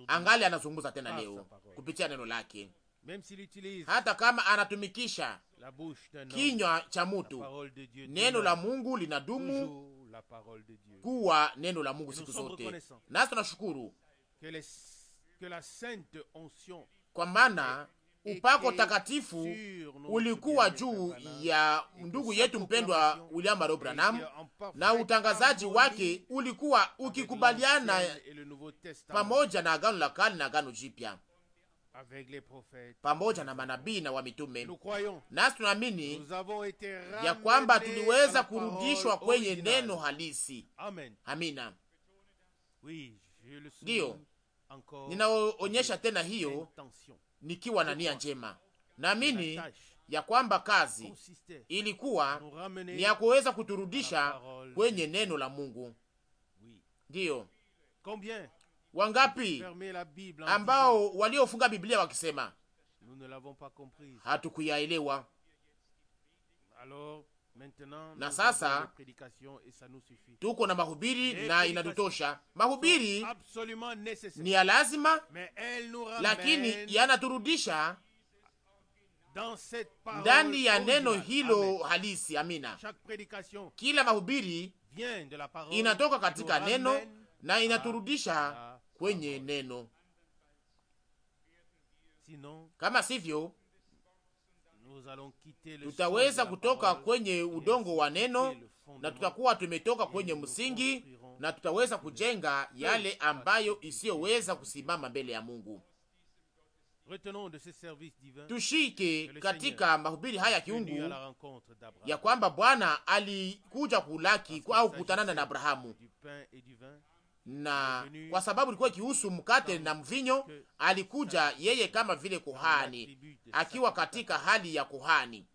angali anazungumza tena leo kupitia neno lake, hata kama anatumikisha kinywa cha mutu. Neno la Mungu linadumu kuwa neno la Mungu siku zote, nasi tunashukuru kwa maana upako takatifu ulikuwa juu ya ndugu yetu mpendwa William Barrow Branham, na utangazaji wake ulikuwa ukikubaliana pamoja na Agano la Kale na Agano Jipya, pamoja na manabii na wamitume. Nasi tunaamini ya kwamba tuliweza kurudishwa kwenye neno halisi. Amina. Ndiyo, ninaonyesha tena hiyo nikiwa na nia njema. Naamini ya kwamba kazi ilikuwa ni ya kuweza kuturudisha kwenye neno la Mungu. Ndiyo, wangapi ambao waliofunga Biblia wakisema hatukuyaelewa na sasa tuko na mahubiri na inatutosha. Mahubiri ni ya lazima, lakini yanaturudisha ndani ya neno hilo Amen. halisi. Amina. Kila mahubiri inatoka katika neno na inaturudisha kwenye neno, kama sivyo tutaweza kutoka kwenye udongo wa neno na tutakuwa tumetoka kwenye msingi na tutaweza kujenga yale ambayo isiyoweza kusimama mbele ya Mungu. Tushike katika mahubiri haya ya kiungu ya kwamba Bwana alikuja kulaki au kukutanana na Abrahamu na kwa sababu ilikuwa ikihusu mkate na mvinyo, alikuja yeye kama vile kuhani, akiwa katika hali ya kuhani.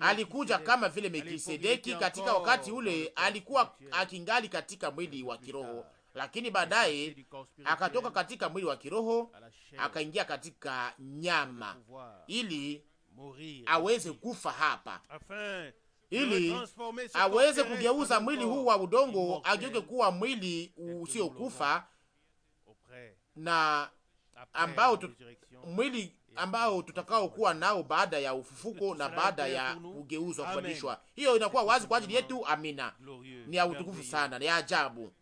Alikuja kama vile Melkisedeki katika wakati ule, alikuwa akingali katika mwili wa kiroho, lakini baadaye akatoka katika mwili wa kiroho akaingia katika nyama ili aweze kufa hapa ili aweze kugeuza mwili huu wa udongo ageuke kuwa mwili usiokufa na ambao tu, mwili ambao tutakao kuwa nao baada ya ufufuko na baada ya kugeuzwa kubadilishwa. Hiyo inakuwa wazi kwa ajili yetu. Amina, ni ya utukufu sana, ni ya ajabu.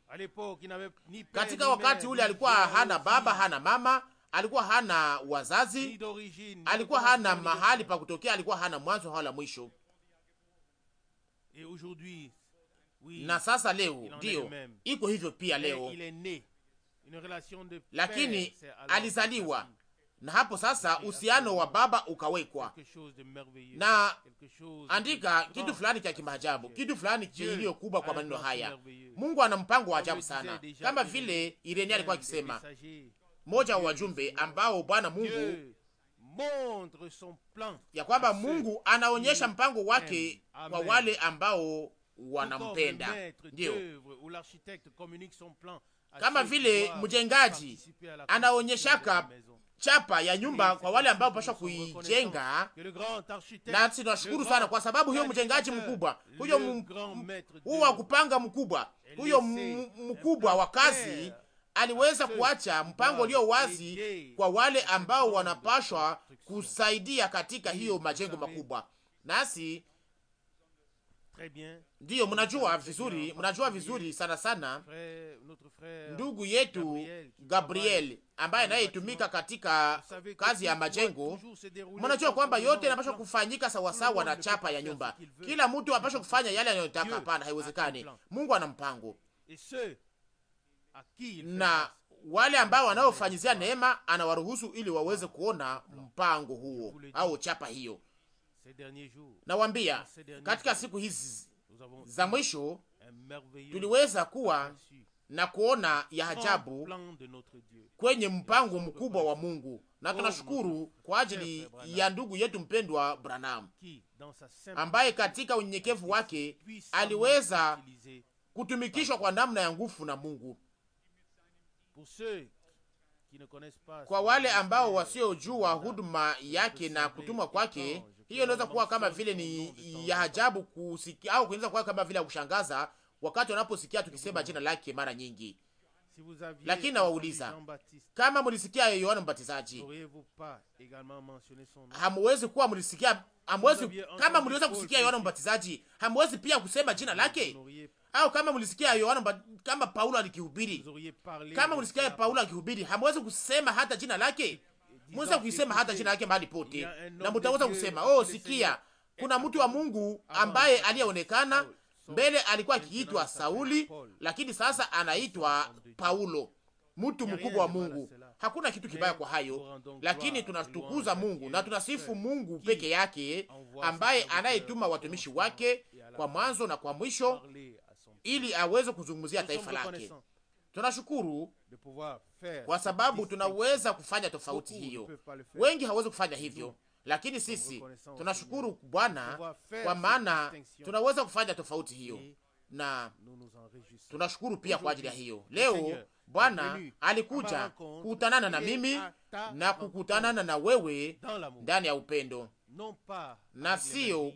Katika wakati ule alikuwa hana baba, hana mama, alikuwa hana wazazi, alikuwa hana mahali pa kutokea, alikuwa hana mwanzo wala mwisho na sasa leo ndiyo iko hivyo pia leo, lakini alizaliwa na hapo sasa uhusiano wa baba ukawekwa na andika kitu fulani cha kimaajabu, kitu fulani kiliyo kubwa kwa maneno haya. Mungu ana mpango wa ajabu sana, kama vile Irenia alikuwa akisema, moja wa wajumbe ambao Bwana Mungu ya kwamba Mungu anaonyesha mpango wake kwa wale ambao wanampenda. Ndio kama vile mjengaji anaonyeshaka chapa ya nyumba kwa wale ambao pasha kuijenga. Nasi tunashukuru sana kwa sababu huyo mjengaji mkubwa huyo, huwa kupanga mkubwa huyo mkubwa wa kazi aliweza kuacha mpango ulio wazi kwa wale ambao wanapashwa kusaidia katika hiyo majengo makubwa. Nasi ndiyo mnajua vizuri, mnajua vizuri sana sana ndugu yetu Gabriel ambaye anayetumika katika kazi ya majengo. Mnajua kwamba yote yanapaswa kufanyika sawasawa na chapa ya nyumba. Kila mtu anapaswa kufanya yale anayotaka? Hapana, haiwezekani. Mungu ana mpango na wale ambao wanaofanyizia neema anawaruhusu ili waweze kuona mpango huo au chapa hiyo. Nawambia, katika siku hizi za mwisho tuliweza kuwa na kuona ya ajabu kwenye mpango mkubwa wa Mungu, na oh, tunashukuru kwa ajili ya ndugu yetu mpendwa Branham ambaye katika unyenyekevu wake aliweza kutumikishwa kwa namna ya nguvu na Mungu kwa wale ambao euh, wasiojua huduma yake na kutumwa kwake, hiyo inaweza kuwa kama vile ni ya ajabu kusikia, au kuweza kuwa kama vile ya kushangaza wakati wanaposikia tukisema jina lake mara nyingi. Lakini nawauliza kama mulisikia Yohana Mbatizaji, hamuwezi kuwa mulisikia, hamuwezi kama muliweza kusikia Yohana Mbatizaji, hamuwezi pia kusema jina lake au kama mlisikia Yohana kama Paulo alikihubiri, kama mlisikia Paulo akihubiri, hamwezi kusema hata jina lake. Mweza kuisema hata jina lake mahali pote, na mutaweza kusema oh, sikia, kuna mtu wa Mungu ambaye aliyeonekana mbele alikuwa akiitwa Sauli, lakini sasa anaitwa Paulo, mtu mkubwa wa Mungu. Hakuna kitu kibaya kwa hayo, lakini tunatukuza Mungu na tunasifu Mungu peke yake, ambaye anayetuma watumishi wake kwa mwanzo na kwa mwisho, ili aweze kuzungumzia taifa lake. Tunashukuru kwa sababu tunaweza kufanya tofauti hiyo, wengi hawawezi kufanya hivyo lakini sisi tunashukuru Bwana kwa maana tunaweza kufanya tofauti hiyo, na tunashukuru pia kwa ajili ya hiyo. Leo Bwana alikuja kukutanana na mimi na kukutanana na wewe ndani ya upendo, na sio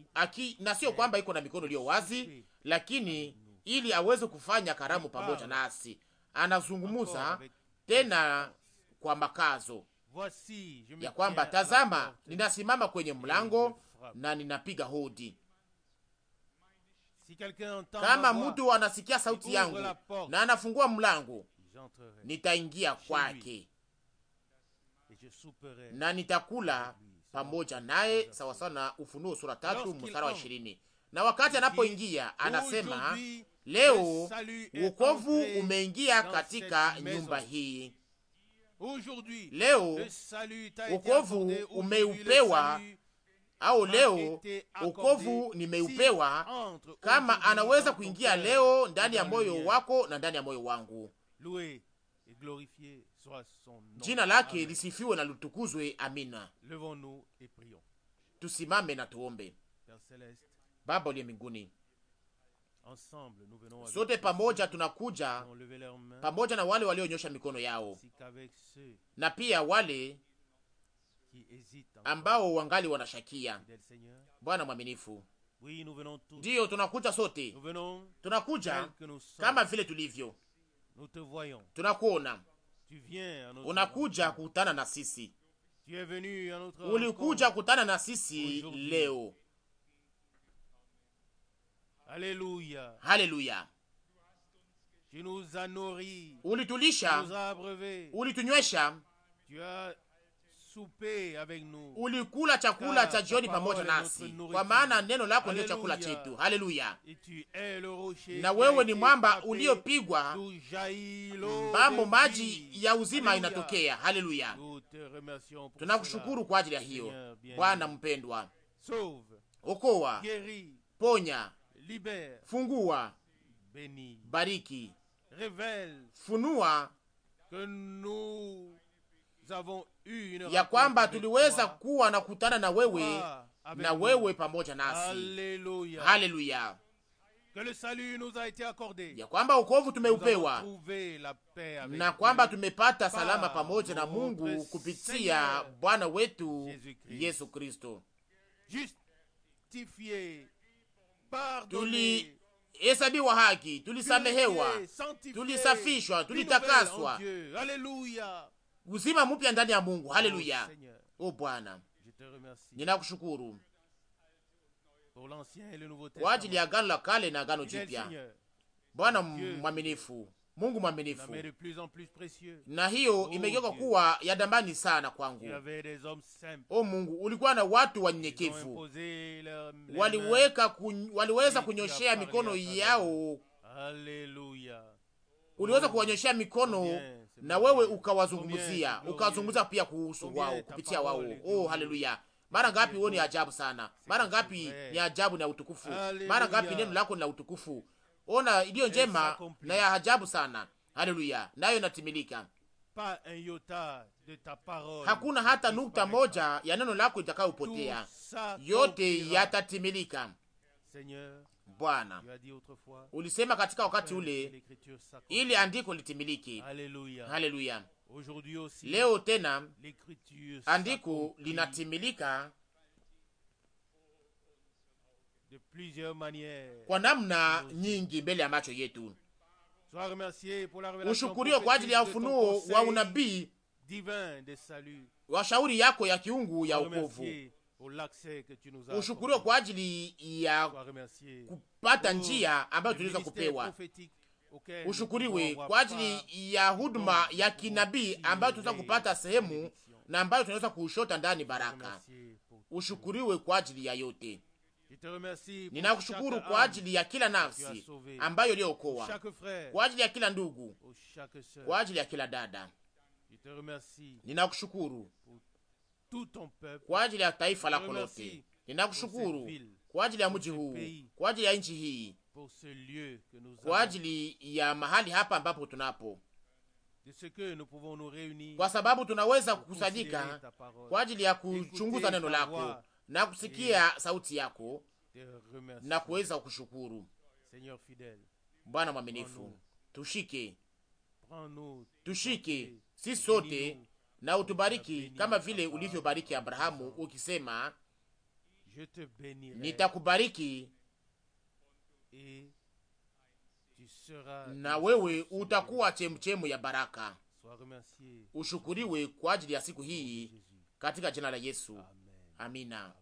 na eh. sio kwamba iko na mikono iliyo wazi, lakini ili aweze kufanya karamu pamoja nasi. Anazungumza tena kwa makazo ya kwamba tazama, ninasimama kwenye mlango na ninapiga hodi. Kama mtu anasikia sauti yangu na anafungua mlango, nitaingia kwake na nitakula pamoja naye, sawasawa na Ufunuo sura tatu mstari wa ishirini. Na wakati anapoingia anasema, leo wokovu umeingia katika nyumba hii Leo ukovu umeupewa au leo ukovu nimeupewa, kama anaweza kuingia leo ndani ya moyo wako na ndani ya moyo wangu. Jina lake lisifiwe na lutukuzwe amina. Tusimame na tuombe. Baba uliye mbinguni Sote pamoja tunakuja pamoja na wale walionyosha mikono yao na pia wale ambao wangali wanashakia. Bwana mwaminifu, ndiyo tunakuja sote, tunakuja kama vile tulivyo. Tunakuona, unakuja kukutana na sisi, ulikuja kukutana na sisi leo Haleluya, haleluya! Ulitulisha, ulitunywesha, ulikula chakula cha jioni pamoja nasi, kwa maana neno lako ndiyo chakula chetu. Haleluya! Na wewe ni mwamba uliopigwa mbamo, maji ya uzima inatokea. Haleluya! Tunakushukuru kwa ajili ya hiyo, Bwana mpendwa. Okoa, ponya fungua, bariki, funua ya kwamba tuliweza kuwa na kutana na wewe na wewe pamoja nasi. accordé. ya kwamba ukovu tumeupewa na kwamba tumepata salama pamoja na Mungu kupitia Bwana wetu Yesu Kristo tulihesabiwa haki, tulisamehewa, tulisafishwa, tulitakaswa, uzima mpya ndani ya Mungu. Haleluya! O oh, Bwana, ninakushukuru kwa ajili ya Agano la Kale na Agano Jipya. Bwana mwaminifu Mungu mwaminifu, na hiyo oh, imegeuka kuwa ya dambani sana kwangu. O oh, Mungu, ulikuwa na watu wanyenyekevu, waliweka kuny, waliweza kunyoshea mikono yao, uliweza oh, kuwanyoshea mikono na wewe ukawazungumzia, ukawazungumza pia kuhusu wao kupitia wao. Oh, haleluya! Mara ngapi wewe ni ajabu sana, mara ngapi ni ajabu na utukufu, mara ngapi neno lako ni la utukufu ona iliyo njema na ya ajabu sana. Haleluya, nayo inatimilika. Hakuna hata nukta moja ya neno lako itakayopotea, yote yatatimilika. Bwana, ulisema katika wakati ule ili andiko litimiliki. Haleluya! Leo tena andiko linatimilika kwa namna nyingi mbele ya macho yetu. Ushukuriwe kwa ajili ya ufunuo wa unabii wa shauri yako ya kiungu ya ukovu. Ushukuriwe kwa ajili ya kupata njia ambayo tuliweza kupewa. Ushukuriwe kwa ajili ya huduma ya kinabii ambayo tunaweza kupata sehemu na ambayo tunaweza kushota ndani baraka. Ushukuriwe kwa ajili ya yote. Ninakushukuru kwa ajili ya kila nafsi ambayo iliyookoa, kwa ajili ya kila ndugu, oh, kwa ajili ya kila dada. Ninakushukuru kwa ajili ya taifa lako lote. Ninakushukuru kwa ajili ya mji huu, kwa ajili ya nchi hii, kwa ajili ya mahali hapa ambapo tunapo kwa sababu tunaweza kukusanyika kwa ajili ya kuchunguza neno lako na kusikia eh. sauti yako na kuweza kushukuru. Bwana mwaminifu, tushike tushike si sote na utubariki kama vile ulivyobariki Abrahamu ukisema, nitakubariki na wewe utakuwa chemchemu ya baraka. Ushukuriwe kwa ajili ya siku hii katika jina la Yesu. I mean now.